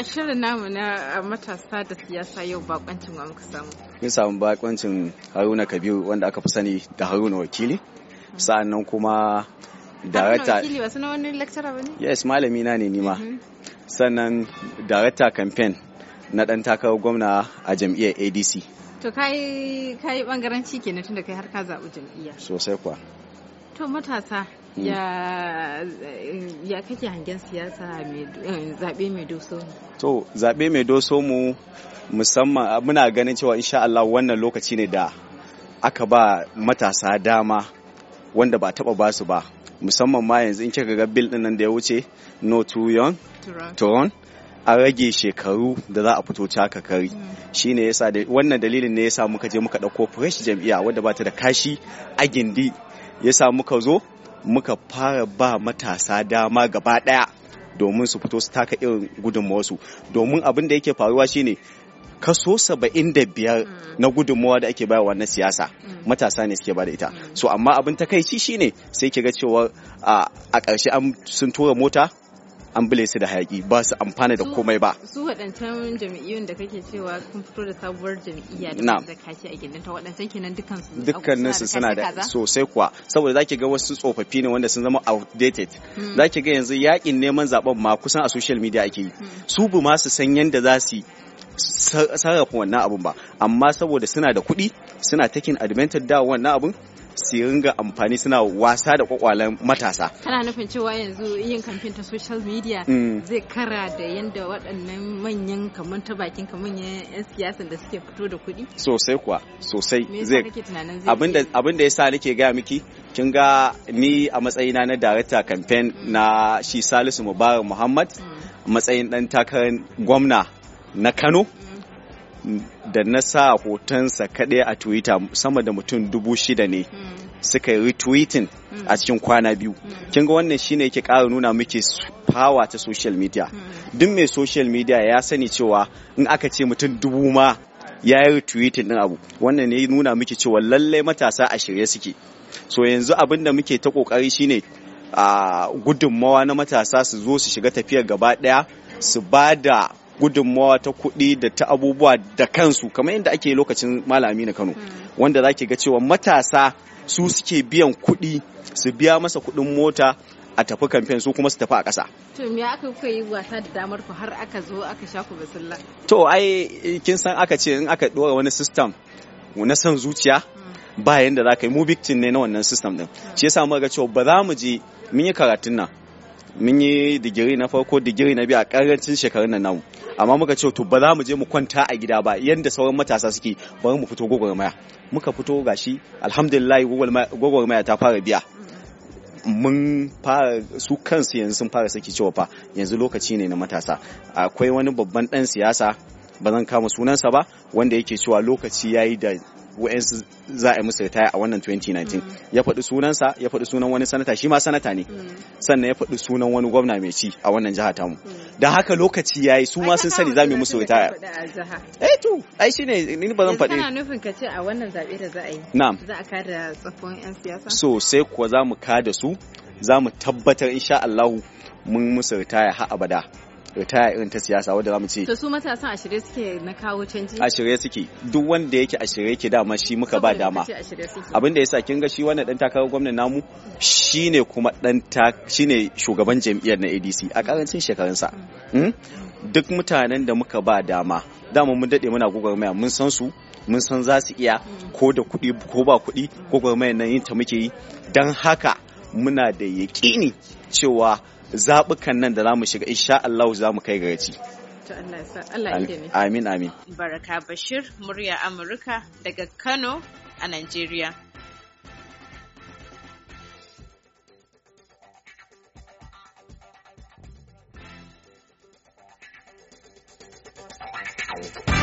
a shirin namu na matasa da siyasa yau bakwancin wa muka samu. Mun samu bakwancin Haruna Kabiru wanda aka fi sani da Haruna Wakili. Sa'annan kuma Darata. Haruna Wakili wasu na wani lecturer ba ne? Yes, malami na ne nima. Mm-hmm. Sannan Darata campaign na dan takarar gwamna a jam'iyyar ADC. To kai kai bangaranci kenan tunda kai har ka zabu jam'iyya. Sosai kuwa. To matasa ya kake hangen siyasa eh, zaɓe mai doso to zaɓe mai doso mu musamman muna ganin cewa insha Allah wannan lokaci ne da aka ba matasa dama wanda ba taba basu ba musamman ma yanzu in kika ga bil din nan da ya wuce no to young to an rage shekaru da za a fito caka kari mm. shine yasa da wannan dalilin ne yasa muka je muka dauko fresh jam'iyya wadda ba ta da kashi a gindi yasa muka zo muka fara ba matasa dama gaba ɗaya domin su fito su taka irin su domin abin da yake faruwa shine kaso saba'in da biyar na gudunmawa da ake bayarwa na siyasa matasa ne suke bada ita so amma abin takaici shine sai ki ga cewa a ƙarshe sun tura mota an bule su da hayaki ba su amfana da komai ba su waɗancan jami'iyyun da kake cewa kun fito da sabuwar jami'iyya da da kashi a ta waɗancan kenan dukkan su dukkanin su suna da sosai kuwa saboda zaki ga wasu tsofaffi ne wanda sun zama outdated hmm. zaki ga yanzu yakin neman zaben ma kusan a social media ake yi hmm. su bu ma su san yanda za su sarrafa wannan abun ba amma saboda suna da kuɗi suna taking advantage da wannan abun su ringa amfani suna wasa da kwakwalen matasa kana nufin cewa yanzu yin kamfen ta social media mm. zai kara da yadda waɗannan manyan kamar ta bakin kamar yan siyasan da suke fito da kuɗi sosai kuwa sosai zai abin da yasa nake gaya miki kin ga ni a matsayina na darata kamfen mm. na shi Salisu Mubarak Muhammad mm. matsayin ɗan takarar gwamna na Kano da na sa hotonsa kaɗai a twitter sama da mutum dubu shida ne suka yi retweeting a cikin kwana biyu kin ga wannan shine yake ƙara nuna miki power ta social media duk mai social media ya sani cewa in aka ce mutum dubu ma ya yi retweeting din abu wannan ne nuna miki cewa lallai matasa a shirye suke so yanzu abin da muke ta kokari shine a ah, gudunmawa na matasa su zo su shiga tafiyar gaba daya su ba da gudunmawa ta kuɗi da ta abubuwa da kansu kamar yadda ake lokacin malami na kano hmm. wanda za ga cewa matasa su suke biyan kuɗi su biya masa kuɗin mota a tafi kamfen su kuma su tafi a ƙasa. To me aka kuka yi wasa da damar ku har aka zo aka sha ku basilla? To ai kin san aka ce in aka ɗora wani system na son zuciya hmm. ba yanda za ka yi mu victim ne na wannan system din. Hmm. Shi yasa muka ga cewa ba za mu je mun yi karatun nan mun yi digiri na farko digiri na biyu a ƙarancin shekarun nan namu. amma muka ce to ba za mu je mu kwanta a gida ba yanda sauran matasa suke ba mu fito maya muka fito gashi alhamdulillah maya ta fara biya mun fara su kansu yanzu sun fara saki cewa fa yanzu lokaci ne na matasa akwai wani babban dan siyasa ba zan kama sunansa ba wanda yake cewa lokaci yayi da wa'yansu za a musu ritaya a wannan 2019 mm. ya faɗi sunansa ya faɗi sunan wani sanata shi ma sanata ne mm. sannan ya faɗi sunan wani gwamna mai ci a wannan jiha tamu mm. da haka lokaci ya yi su ma sun sani za mu yi musu ritaya eh to ai shine ni ba zan faɗi yanzu kana nufin ka ce a wannan zaɓe da za a yi na'am za a kada tsaffon yan siyasa so sai kuwa za mu kada su za mu tabbatar insha Allah mun musu ritaya har abada ritaya irin ta siyasa wadda zamu ce to su matasa a shirye suke na kawo canji a shirye suke duk wanda yake a shirye yake dama shi muka ba dama abin da yasa kin ga shi wannan dan takarar gwamnati namu shine kuma dan ta shine shugaban jam'iyyar na ADC a karancin sa. Hmm? duk mutanen da muka ba dama dama mun dade muna gwagwarmaya mun san su mun san za su iya ko da kuɗi ko ba kuɗi gwagwarmayar nan yin ta muke yi don haka muna da yaƙini cewa zaɓukan nan da za mu shiga insha Allah za mu kai gaci. Amin amin. Baraka Bashir murya Amurka daga Kano a Najeriya. Thank you.